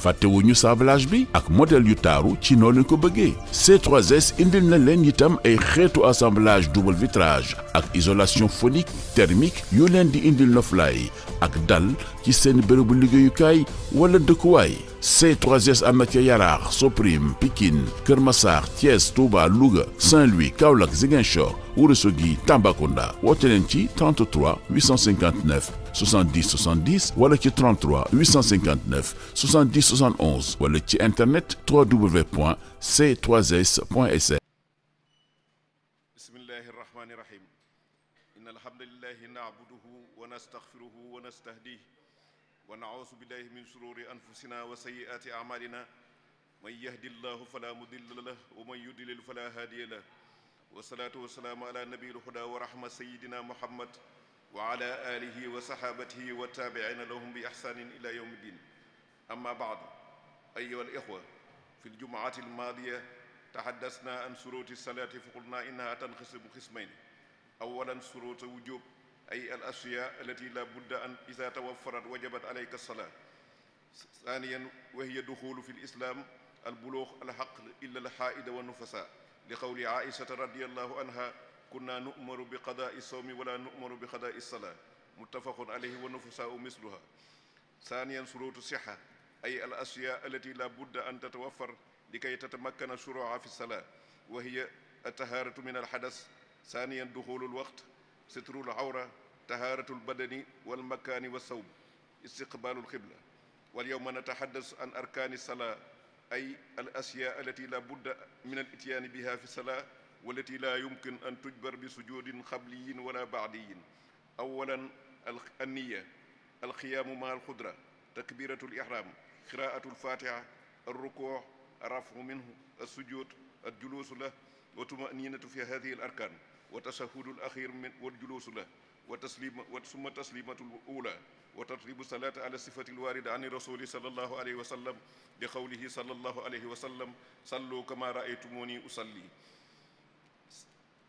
fàttewuñu sablage bi ak modèle yu taaru ci noo leen ko bëggee c indil na leen itam ay xeetu assemblage double vitrage ak isolation phonique thermique yu leen di indil noflaay ak dal ci seen bërëbu liggéeyukaay wala dëkkuwaay C3S am na ca Yaraax Soprim Pikine Kër Massar Thiès Touba Louga Saint-Louis Kaolack Ziguinchor Ourossogui Tambacounda woote leen ci 33 859 70 70 wala ci 33 859 70 71 wala ci internet www.c3s.sn bismillahi rahmani rahim innal hamdalillahi na'buduhu wa nastaghfiruhu wa nastahdihi wa naausu billahi min shururi anfusina wa sayyiaati amalina man yahdi llahu fala mudilla lah wa man yudlil fala haadiya lah wasalaatu wasalaamu ala nabiil huda wa rahma sayidina muhammad wa ala alihi wa saxaabatihi wa taabiciina lahum bi ixsaanin ila yowmi ddin amma baad ayyuha al ixwa fi ljumuati almaadiya taxaddasna an suruuti salaati fa qulna innaha tanqasimu qismayn awalan suruuta wujub ay al ashiya allati la budda an ida tawaffarat wajabat alayka alsalaa thaniyan wa hiya duxulu fi lislaam albuluux alxaql illa alxaaida wa nufasa li qawli aishata radiallahu anha kunna nu'maru bi qadaai sawmi wala nu'maru bi qadaai salaa muttafaqun alayhi wa nufasaau misluha thaniyan surutu sixa ay al ashiya allati la budda an tatawaffar likay tatamakkana shuruuca fi salaa wa hiya attahaaratu min alxadas thaniyan duxulu alwaqt sitrul awra tahaaratul badani wal makaani wa sawb istiqbaalul xibla wal yowma nataxaddas an arkaani salaa ay al asiyaa allati la budda min al ityaani biha fi salaa wallati la yumkin an tujbar bi sujuudin xabliyin wala baadiyin awalan anniya alqiyaamu maa alxudra takbiratul ihraam qiraatul fatiha alrukuux rafu minhu alsujuud aljuluusu lah wa tumaniinatu fi hadihi al arkaan wa tashahudul axir min wal juluusu la wa taslima wa summa taslimatul ula wa tartibu salaata ala sifati lwarida an rasuli sallallahu alayhi wa sallam bi qawlihi sallallahu alayhi wa sallam sallu kama raaytumuni usalli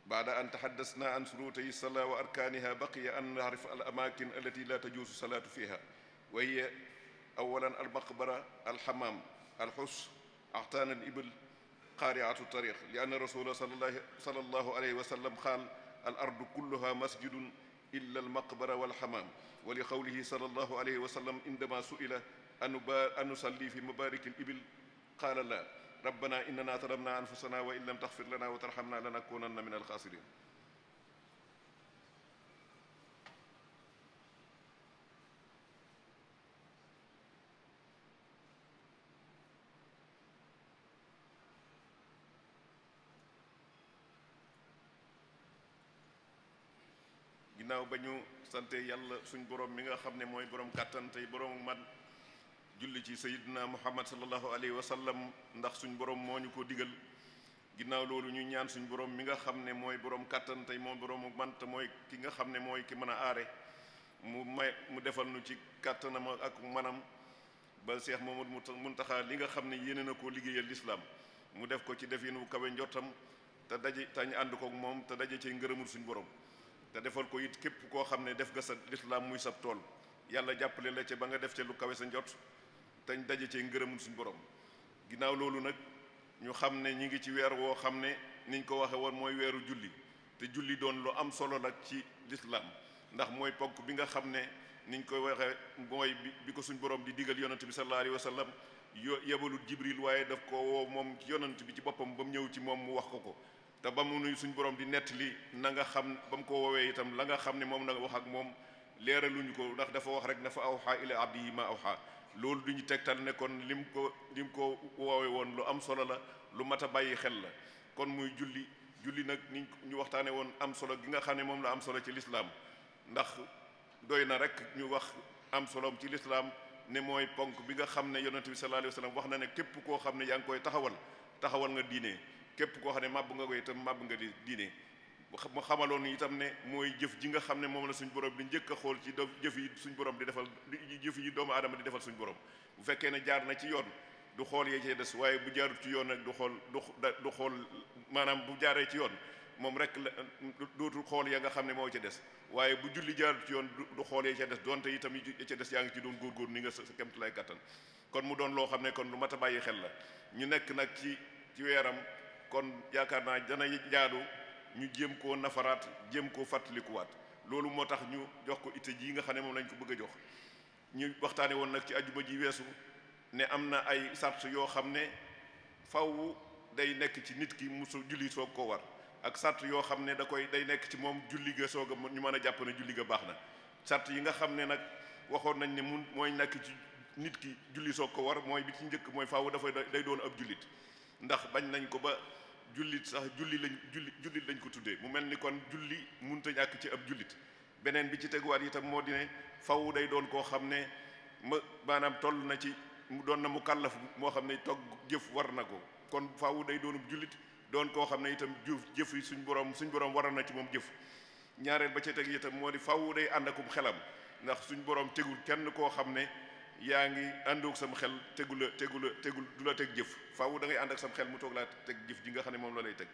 baada an taxaddasna an surutay salaa wa arkaaniha baqiya an naarif al amaakin allati la tajuusu salaatu fiha wa hiya awalan almaqbara alxamaam alxus axtaan al ibl قارعة الطريق لأن الرسول صلى الله صلى الله عليه وسلم قال الأرض كلها مسجد إلا المقبرة والحمام ولقوله صلى الله عليه وسلم عندما سئل أن نصلي في مبارك الإبل قال لا ربنا إننا ظلمنا أنفسنا وإن لم تغفر لنا وترحمنا لنكونن من الخاسرين ba ñu sante yàlla suñu borom mi nga xam ne mooy borom kàttan tey borom man julli ci sayidina muhammad sallallahu alayhi wa sallam ndax suñu borom moo ñu ko digal ginnaaw loolu ñuy ñaan suñu borom mi nga xam ne mooy borom kàttan tey moom borom man te mooy ki nga xam ne mooy ki mën a aare mu may mu defal nu ci kàttanam ak manam ba Cheikh mun Muntaxa li nga xam ne yéene a koo liggéeyal lislaam mu def ko ci defin wu kawe njottam te daje tañ ànd kook moom te daje ci ngërëmul suñ borom te defal ko it képp koo xam ne def nga sa lislaam muy sab tool yàlla jàppale la ca ba nga def ca lu kawe sa njot teñ daje cee ngërëmul suñu borom ginnaaw loolu nag ñu xam ne ñu ngi ci weer woo xam ne niñ ko waxee woon mooy weeru julli te julli doon lu am solo la ci lislaam ndax mooy ponk bi nga xam ne niñ koy waxe mooy bi ko suñ borom di digal yonent bi sallallahu alayhi wa sallam yo yebalul jibril waaye daf ko woo moom yonent bi ci boppam ba mu ñëw ci moom mu wax ko ko te ba mu nuy suñ borom di nettali na nga xam ba mu ko woowee itam la nga xam ne moom na wax ak moom leeraluñu ko ndax dafa wax rek na fa awxaa ila abdihi ma awxaa loolu duñu tegtal ne kon lim ko lim ko woowee woon lu am solo la lu mat a bàyyi xel la kon muy julli julli nag ni ñu waxtaane woon am solo gi nga xam ne moom la am solo ci lislaam ndax doy na rek ñu wax am soloom ci lislaam ne mooy ponk bi nga xam ne yonent bi sallallahu alayhi wax na ne képp koo xam ne yaa ngi koy taxawal taxawal nga diine képp koo xam ne màbb nga ko itam màbb nga di diine mu xamaloon itam ne mooy jëf ji nga xam ne moom la suñ borom di njëkk a xool ci do jëf yi suñ borom di defal jëf yi doomu aadama di defal suñ borom bu fekkee ne jaar na ci yoon du xool yee cee des waaye bu jaarut ci yoon nag du xool du xool maanaam bu jaaree ci yoon moom rek la dootul xool ya nga xam ne moo ca des waaye bu julli jaarut ci yoon du xool yee ca des donte itam yi ca des yaa ngi ci doon góorgóor ni nga sa kemtu lay kattan kon mu doon loo xam ne kon lu mat a bàyyi xel la ñu nekk nag ci ci weeram kon yaakaar naa dana jaadu ñu jéem koo nafaraat jéem koo fàttalikuwaat loolu moo tax ñu jox ko itte jii nga xam ne moom lañ ko bëgg a jox ñu waxtaane woon nag ci ajuma ji weesu ne am na ay sart yoo xam ne faw day nekk ci nit ki musu julli soog koo ak sart yoo xam ne da koy day nekk ci moom julli soog a ñu mën a jàpp ne julli ga na sart yi nga xam ne nag waxoon nañ ne mun mooy nekk ci nit ki julli soog ko war mooy bi ci njëkk mooy faw dafay day doon ab jullit ndax bañ nañ ko ba jullit sax julli lañ julli jullit lañ ko tuddee mu mel ni kon julli munta ñàkk ci ab jullit beneen bi ci teguwaat itam moo di ne faw day doon koo xam ne ma maanaam toll na ci mu doon na mu kàllaf moo xam ne togg jëf war na ko kon faw day doonub jullit doon koo xam ne itam jëf jëf yi suñ borom suñ borom waral na ci moom jëf ñaareel ba ci teg itam moo di faw day ànd akum xelam ndax suñ borom tegul kenn koo xam ne yaa ngi àndoog sam xel tegu la tegul du la teg jëf faaw da ngay ànd ak sam xel mu toog laa teg jëf ji nga xam ne moom la lay teg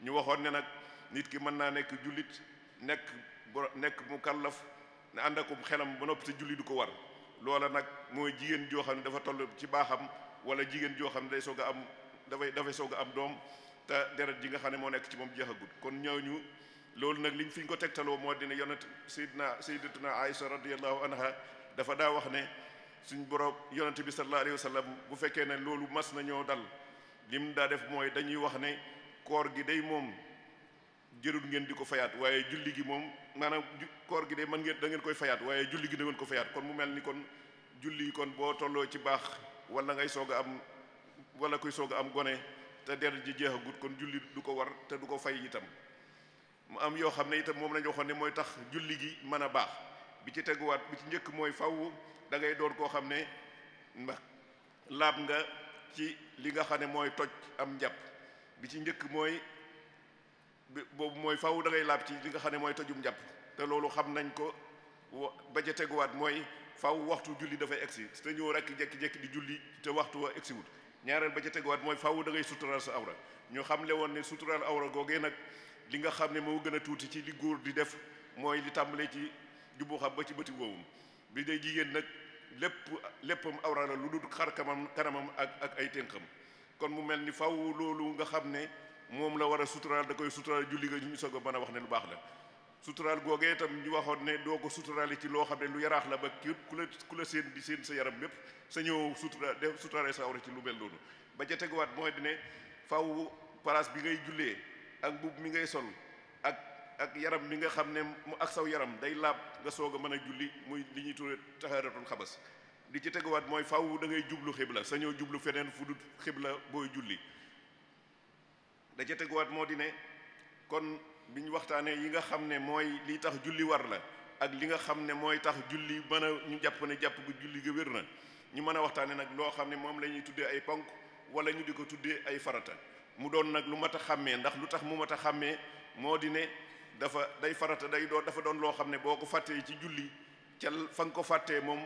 ñu waxoon ne nag nit ki mën naa nekk jullit nekk nekk mu kàllaf ne ànd akum xelam ba noppi te julli du ko war loola nag mooy jigéen joo xam ne dafa toll ci baaxam wala jigéen joo xam ne day soog a am dafay dafay soog a am doom te deret ji nga xam ne moo nekk ci moom jeexagut kon ñëw ñu loolu nag liñ fi ñu ko tegtaloo moo dina yonent sayidna sayidatuna aïsa radiallahu anha dafa daa wax ne suñ borom yonent bi sallallahu alayhi wa sallam bu fekkee ne loolu mas nañoo dal lim daa def mooy dañuy wax ne koor gi day moom jërul ngeen di ko fayaat waaye julli gi moom maanaam koor gi day mën ngeen da fayaat waaye julli gi da ko fayaat kon mu mel ni kon julli yi kon boo tolloo ci baax wala ngay soog a am wala kuy soog am gone te der ji jeexagut kon julli du ko war te du ko fay itam mu am yoo xam ne itam moom la ñu waxoon ne mooy tax julli gi mën a baax bi ci teguwaat bi ci njëkk mooy faw dangay ngay doon koo xam ne laab nga ci li nga xam ne mooy toj am njàpp bi ci njëkk mooy boobu mooy faw da ngay laab ci li nga xam ne mooy tojum njàpp te loolu xam nañ ko ba ca mooy faw waxtu julli dafay egsi te ñëw rekk jekki-jekki di julli te waxtu wa egsi ba ca teguwaat mooy faw da ngay suturaal sa awra ñu xamle woon ne suturaal awra googee nag li nga xam ne moo gën a tuuti ci li góor di def mooy li tàmbalee ci jubbu xam ba ci bëti woowum bi day jigéen nag lépp léppam awra la lu dul xar kanamam kanamam ak ak ay tënkam kon mu mel ni faw loolu nga xam ne moom la war a suturaal da koy suturaal julli ga ñu soog a mën a wax ne lu baax la suturaal googee itam ñu waxoon ne doo ko suturaale ci loo xam ne lu yaraax la ba kii ku la seen di seen sa yaram bépp sa ñëw sutura de suturaale sa awra ci lu mel noonu ba ca teguwaat mooy di ne faw place bi ngay jullee ak mbubb ak yaram bi nga xam ne mu ak saw yaram day laab nga soog a mën a julli muy li ñuy tuddee tahaaratul xabas di ci teguwaat mooy faaw da ngay jublu xibla sañoo jublu feneen fu dut xibla booy julli da ca teguwaat moo di ne kon biñ waxtaanee yi nga xam ne mooy li tax julli war la ak li nga xam ne mooy tax julli mën a ñu jàpp ne jàpp gu julli ga wér na ñu mën a waxtaanee nag loo xam ne moom la ñuy tuddee ay ponk wala ñu di ko tuddee ay farata mu doon nag lu mat a xàmmee ndax lu tax mu mat a xàmmee moo di ne dafa day farata day doon dafa doon loo xam ne boo ko fàttee ci julli ca fa nga ko fàttee moom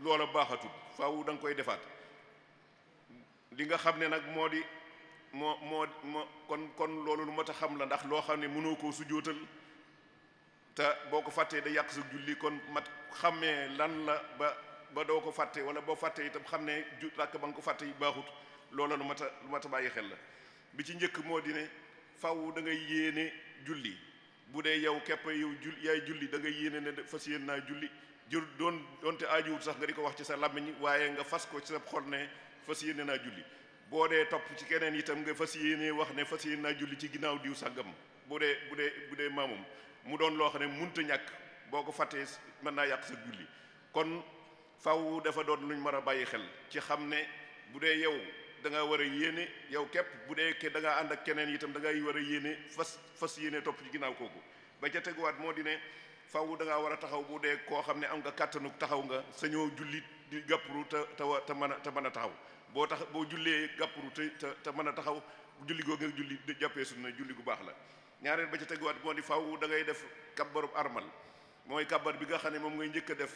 loola baaxatul faw da nga koy defaat li nga xam ne nag moo di moo moo moo kon kon loolu lu mat a xam la ndax loo xam ne mënoo koo sujjóotal te boo ko fàttee da yàq sa julli kon mat xammee lan la ba ba doo ko fàtte wala boo fàttee itam xam ne ju ràkk ba nga ko fàtte yi baaxut loola lu mat a lu mat a bàyyi xel la bi ci njëkk moo di ne faw da ngay yéene julli bu dee yow képp yow jul yaay julli da nga yéene ne fas yéen naa julli jur doon doonte aajuwut sax nga di ko wax ci sa làmmiñ waaye nga fas ko ci sa xol ne fas yéene naa julli boo dee topp ci keneen itam nga fas yéene wax ne fas yéene naa ci ginnaaw diw sàggam bu dee bu dee bu dee maamum mu doon loo xam ne munta ñàkk boo ko fàttee mën naa yàq sa julli kon faw dafa doon luñ mën a bàyyi xel ci xam ne bu dee yow da nga war a yéene yow képp bu dee kee dangay ànd ak keneen itam dangay war a yéene fas fas yéene topp ci ginnaaw kooku ba ca teguwaat moo di ne faww da ngaa war a taxaw bu dee koo xam ne am nga kàttanu taxaw nga sañoo julli di gàppru te te mën a te mën a taxaw boo tax boo jullee gàppru te mën a taxaw julli goo nga julli jàppee sunna julli gu baax la ñaareel ba ca teguwaat moo di faww da ngay def kabbarub armal mooy kabbar bi nga xam ne moom ngay njëkk a def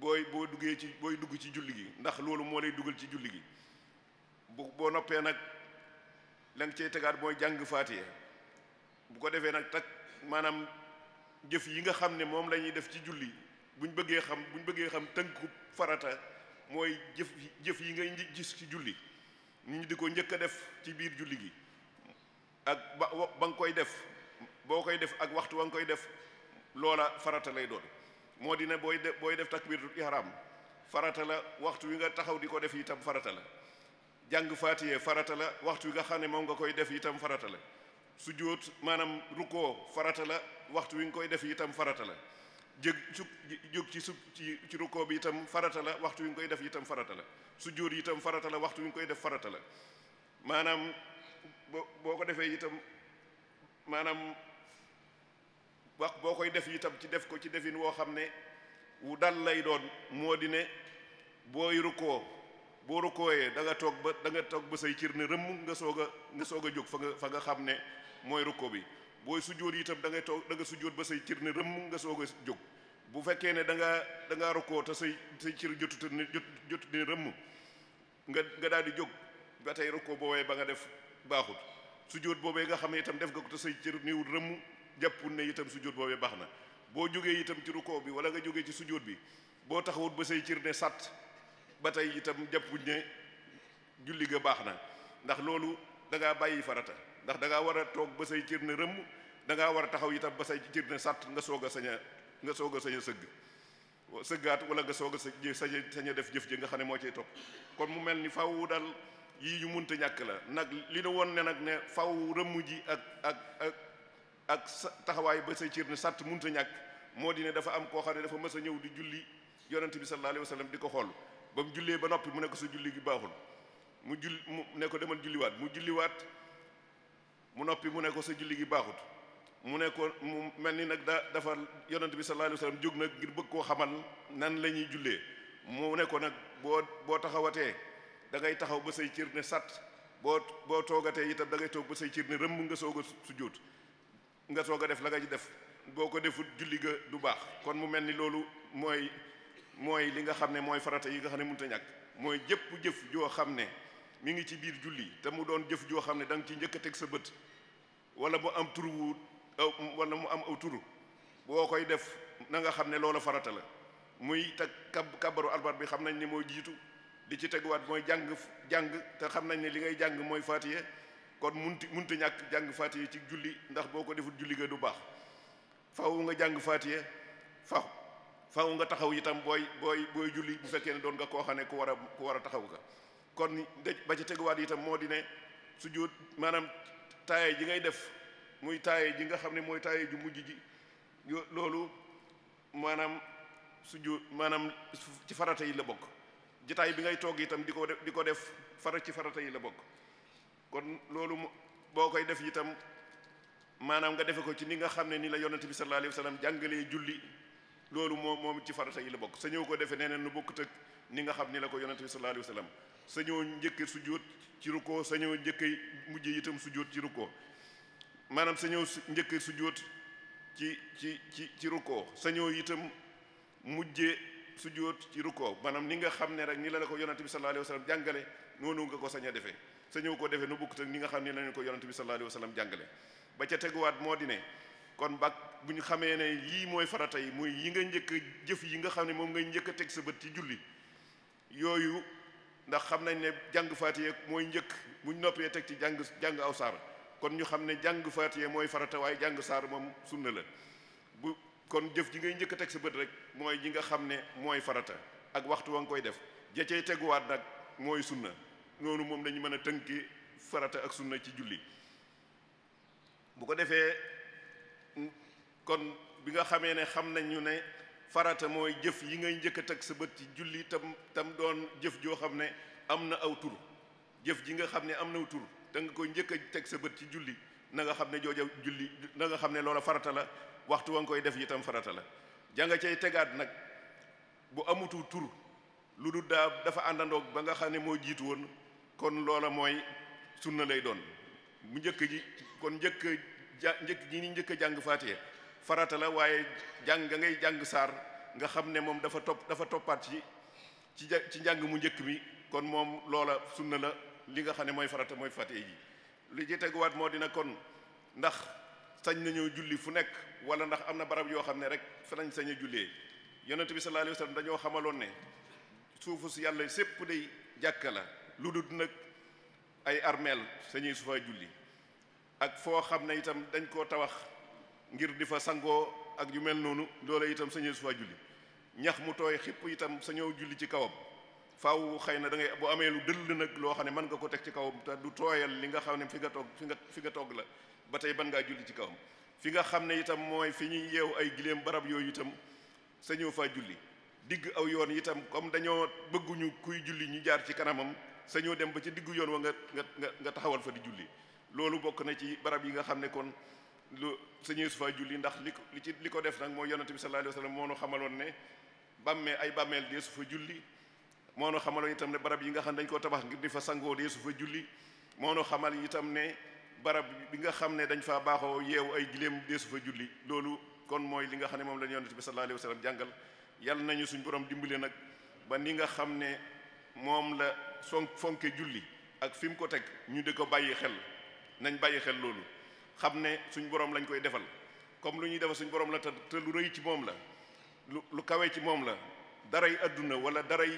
booy boo duggee ci booy dugg ci julli gi ndax loolu moo lay dugal ci julli gi bu boo noppee nag la nga cey tegaat mooy jàng faatiya bu ko defee nag tak maanaam jëf yi nga xam ne moom lañuy def ci julli buñ bëggee xam buñ bëggee xam tënku farata mooy jëf jëf yi ngay gis ci julli ñu di ko njëkk a def ci biir julli gi ak ba ba nga koy def boo koy def ak waxtu wa nga koy def loola farata lay doon moo di ne booy def booy def takbiratul ihram farata la waxtu wi nga taxaw di ko def itam farata la jàng faatiyee farata la waxtu wi nga xam ne moom nga koy def itam farata la sujjóot maanaam rukkoo farata la waxtu wi nga koy def itam farata la jëg ci su ci ci rukkoo bi itam farata la waxtu wi nga koy def itam farata la sujjóot itam farata la waxtu wi nga koy def farata la maanaam boo boo ko defee itam maanaam wax boo koy def itam ci def ko ci defin woo xam ne wu dal lay doon moo di ne booy rukkoo boo rukkooyee da nga toog ba da nga toog ba say cir ne rëmm nga soog a nga soog a jóg fa nga fa nga xam ne mooy rukkoo bi booy sujjóot itam da ngay toog da nga sujjóot ba say cër ne rëmm nga soog a jóg bu fekkee ne da nga da ngaa rukkoo te say say cër jotut ne jotut rëmm nga nga daal di jóg ba tey rukkoo boobee ba nga def baaxut sujjóot boobee nga xam ne itam def nga ko te say cër niwul rëmm jàppul ne itam sujjóot boobee baax na boo jógee itam ci rukkoo bi wala nga jógee ci sujjóot bi boo taxawut ba say cir ne sàtt ba tey itam jàppuñ ne julli ga baax na ndax loolu dangaa bàyyi farata ndax da ngaa war a toog ba say cër ne rëmm da war a taxaw itam ba say cër ne sàtt nga soog a sañ a a sañ a sëgg sëggaat wala nga soog a sa sañ a def jëf ji nga xam ne moo ciy topp kon mu mel ni faw daal yii ñu munta ñàkk la nag li nu woon ne nag ne faw rëmm ji ak ak ak taxawaay ba say cër ne sàtt munta ñàkk moo di ne dafa am koo xam ne dafa mës a ñëw di julli yonent bi sallallahu alayhi wa di ko xool ba mu jullee ba noppi mu ne ko sa julli gi baaxul mu julli mu ne demal julliwaat mu julliwaat mu noppi mu ne sa julli gi baaxut mu ne mu mel ni nag da dafa yonent bi sallallahu alayhi wasallam nag ngir bëgg koo xamal nan la ñuy jullee mu ne nag boo boo taxawatee da taxaw ba say cër ne sat boo boo toogatee itam da ngay toog ba say cër ne rëmb nga soog a sujjóot nga soog a def la nga ci def boo ko defut julli ga du baax kon mu mel ni loolu mooy mooy li nga xam ne mooy farata yi nga xam ne mënut a ñàkk mooy jëpp jëf joo xam ne mu ngi ci biir julli te mu doon jëf joo xam ne danga nga ci njëkk a teg sa bët wala mu am turu wu wala mu am aw turu boo koy def na nga xam ne loolu farata la muy teg kab kabaru albat bi xam nañ ne mooy jiitu di ci teguwaat mooy jàng jàng te xam nañ ne li ngay jàng mooy faatiye kon munti munta ñàkk jàng faatiye ci julli ndax boo ko deful julli ga du baax faw nga jàng faatiye faw faaw nga taxaw itam booy booy booy julli bu fekkee ne doon nga koo xam ne ku war a ku a taxaw nga kon ba ci teguwaat itam moo di ne sujjóot maanaam taaye ji ngay def muy taaye ji nga xam ne mooy taaye ju mujj ji loolu maanaam sujjóot maanaam ci farata yi la bokk jataay bi ngay toog itam di ko def di ko def fara ci farata yi la bokk kon loolu mu boo koy def itam maanaam nga defe ko ci ni nga xam ne ni la yonent bi sallallahu alayhi wa sallam jàngalee julli loolu moo moom ci farata yi la bokk sa ñëw ko defee neneen nu bokkut ak ni nga xam ni la ko yonente bi sallallahu alayhi wa sallam sa ñëw njëkke sujjóot ci rukkoo sa ñëw mujj itam sujjóot ci rukkoo maanaam sa ñëw njëkke sujjóot ci ci ci ci rukkoo sa ñëw itam mujjee sujjóot ci rukkoo maanaam ni nga xam ne rek ni la ko yonente bi sallallahu alayhi wa sallam jàngale ko sañ a defee sa ñëw ko defee nu bokkut ak ni nga xam ne la ñu ko yonente bi sallallahu alayhi wa sallam jàngale ba ca teguwaat moo di ne kon ba bu ñu xamee ne yii mooy farata yi muy yi nga njëkk jëf yi nga xam ne moom ngay njëkk a teg sa bët ci julli yooyu ndax xam nañ ne jàng faatiye mooy njëkk bu noppee teg ci jàng jàng aw saar kon ñu xam ne jàng faatiye mooy farata waaye jàng saar moom sunna la bu kon jëf ji ngay njëkk teg sa bët rek mooy ji nga xam ne mooy farata ak waxtu wa nga koy def ja teguwaat nag mooy sunna noonu moom lañu mën a tënki farata ak sunna ci julli bu ko defee kon bi nga xamee ne xam nañu ne farata mooy jëf yi ngay njëkk a teg sa bët ci julli tam tam doon jëf joo xam ne am na aw tur jëf ji nga xam ne am na aw tur da nga koy njëkk teg sa bët ci julli na nga xam ne jooja julli na nga xam ne loola farata la waxtu wa nga koy def itam farata la janga cay tegaat nag bu amutu tur lu dul daa dafa àndandoog ba nga xam ne moo jiitu woon kon loola mooy sunna lay doon bu njëkk ji kon njëkk ja njëkk ñi ni njëkk a jàng faatiha farata la waaye jàng nga ngay jàng saar nga xam ne moom dafa topp dafa toppaat ci ci ci njàng mu njëkk bi kon moom loola sunna la li nga xam ne mooy farata mooy faatiha ji li ci teguwaat moo dina kon ndax sañ nañu julli fu nekk wala ndax am na barab yoo xam ne rek fa lañ sañ a jullee yonent bi sallallahu alayhi wasallam dañoo xamaloon ne suufu si yàlla sépp day jàkka la lu dul nag ay armeel sañuy sufa julli ak foo xam ne itam dañ koo tawax ngir di fa sangoo ak yu mel noonu loola itam sañoo su faa julli ñax mu tooy xipp itam sañoo julli ci kawam faaw xëy na da ngay bu amee lu dëll nag loo xam ne mën nga ko teg ci kawam te du tooyal li nga xam ne fi nga toog fi nga fi nga toog la ba tey ban ngaa julli ci kawam fi nga xam ne itam mooy fi ñuy yeew ay giléem barab yooyu itam sañoo faa julli digg aw yoon itam comme dañoo bëgguñu kuy julli ñu jaar ci kanamam sañoo dem ba ci diggu yoon wa nga nga nga taxawal fa di julli loolu bokk na ci barab yi nga xam ne kon lu sëñ Yusufa julli ndax li ko li ci li ko def nag mooy yonent bi sallallahu alayhi wa sallam xamaloon ne bàmmee ay bàmmeel deesu fa julli moo nu xamaloon itam ne barab yi nga xam ne dañ koo tabax ngir di fa sangoo deesu fa julli moo nu xamal itam ne barab bi nga xam ne dañ faa baaxoo yeew ay giléem deesu fa julli loolu kon mooy li nga xam ne moom la yonent bi sallallahu alayhi wa sallam jàngal yàlla nañu suñ borom dimbale nag ba ni nga xam ne moom la son fonke julli ak fi ko teg ñu de ko bàyyi xel nañ bàyyi xel loolu xam ne suñ borom lañ koy defal comme lu ñuy defal suñ borom la te te lu rëy ci moom la lu lu kawe ci moom la daray àdduna wala daray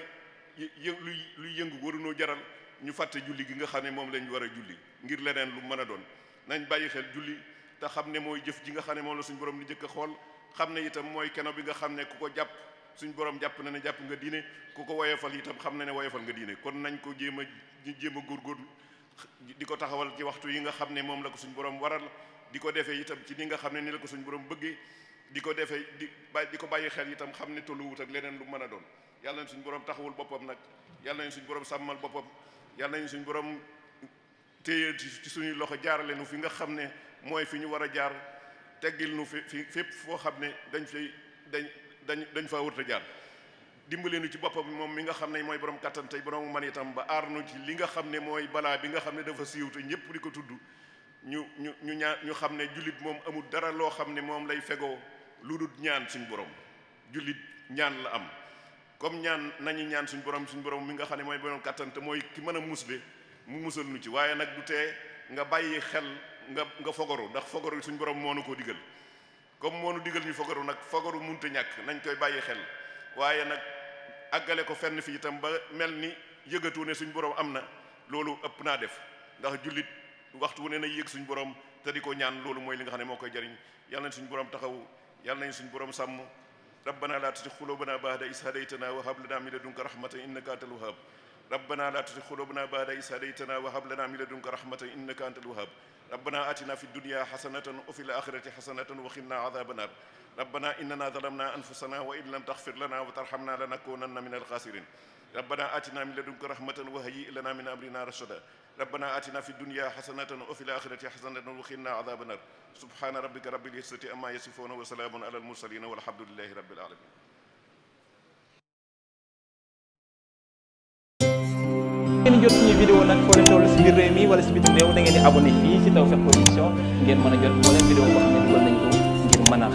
lu luy yëngu warunoo jaral ñu fàtte julli gi nga xam ne moom lañ war a julli ngir leneen lu mën a doon nañ bàyyi xel julli te xam ne mooy jëf ji nga xam ne moom la suñ borom lu njëkk a xool xam ne itam mooy keno bi nga xam ne ku ko jàpp suñ borom jàpp na ne jàpp nga diine ku ko woyofal itam xam na ne woyofal nga diine kon nañ ko jéem a jéem góor góorgóorlu di ko taxawal ci waxtu yi nga xam ne moom la ko suñ boroom waral di ko defee itam ci ni nga xam ne ni la ko suñu borom bëggee di ko defee di di ko bàyyi xel itam xam ne tolluwut ak leneen lu mën a doon yàlla nañ suñ borom taxawul boppam nag yàlla nañ suñ borom sàmmal boppam yàlla nañ suñ borom téye ci suñuy loxo jaarale nu fi nga xam ne mooy fi ñu war a jaar teggil nu fi fi fépp foo xam ne dañ fay dañ dañ dañ faa wërta jaar dimbale nu ci boppam moom mi nga xam ne mooy borom kattan tey borom man itam ba aar ci li nga xam ne mooy balaa bi nga xam ne dafa siiw te ñëpp di ko tudd ñu ñu ñu ñaan ñu xam ne jullit moom amul dara loo xam ne moom lay fegoo lu dul ñaan suñu borom jullit ñaan la am comme ñaan nañu ñaan suñu borom suñu borom mi nga xam ne mooy borom kattan mooy ki mën a musle mu musal nu ci waaye nag du tee nga bàyyi xel nga nga fogaru ndax fogaru suñu borom moo nu ko digal comme moo nu digal ñu fogaru nag fogaru munta ñàkk nañ koy bàyyi xel àggale ko fenn fi itam ba mel ni yëgatu ne suñ borom am na loolu ëpp naa def ndax jullit waxtu wu ne na yëg suñ borom te di ko ñaan loolu mooy li nga xam ne moo koy jariñ yàlla nañ suñ borom taxaw yàlla nañ suñ borom sàmm rabbana la tuti xulubana baada is hadaytana wa hab lana min ladunka rahmatan innaka antal wahhab rabbana atina fid dunya hasanatan wa fil akhirati hasanatan wa qina adhaban ربنا إننا ظلمنا أنفسنا وإن لم تغفر لنا وترحمنا لنكونن من الخاسرين ربنا آتنا من لدنك رحمة وهيئ لنا من أمرنا رشدا ربنا آتنا في الدنيا حسنة وفي الآخرة حسنة وقنا عذاب النار سبحان ربك رب العزة عما يصفون وسلام على المرسلين والحمد لله رب العالمين ngeen jot nii vidéo nag foo leen toll si biir réew mi wala si bitim réew da ngeen di abonné fii si Tawfekh Production ngeen mën a jot moo leen vidéo boo xam ne dugal nañ ko mën a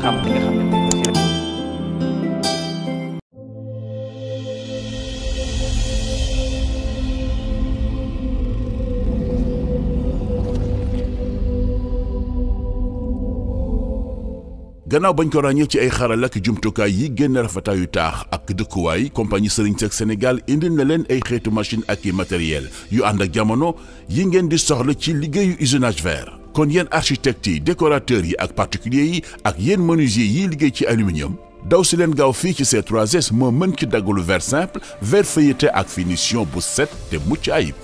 gannaaw bañ ko ràññee ci ay xaral ak jumtukaay yi génn rafetaayu taax ak dëkkuwaay compagnie Serigne Seck Sénégal indil na leen ay xeetu machine ak i matériel yu ànd ak jamono yi ngeen di soxla ci liggéeyu usinage vert kon yenn architectes yi décorateurs yi ak particuliers yi ak yenn menuisier yiy liggéey ci aluminium daw si leen gaaw fii ci ces 3S moo mën ci daggalu ver simple verre feuilleté ak finition bu set te mucc ayib.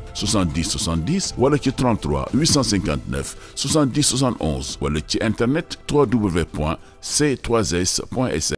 70 70 wala ci 33 859 70 71 wala ci internet www.c3s.sn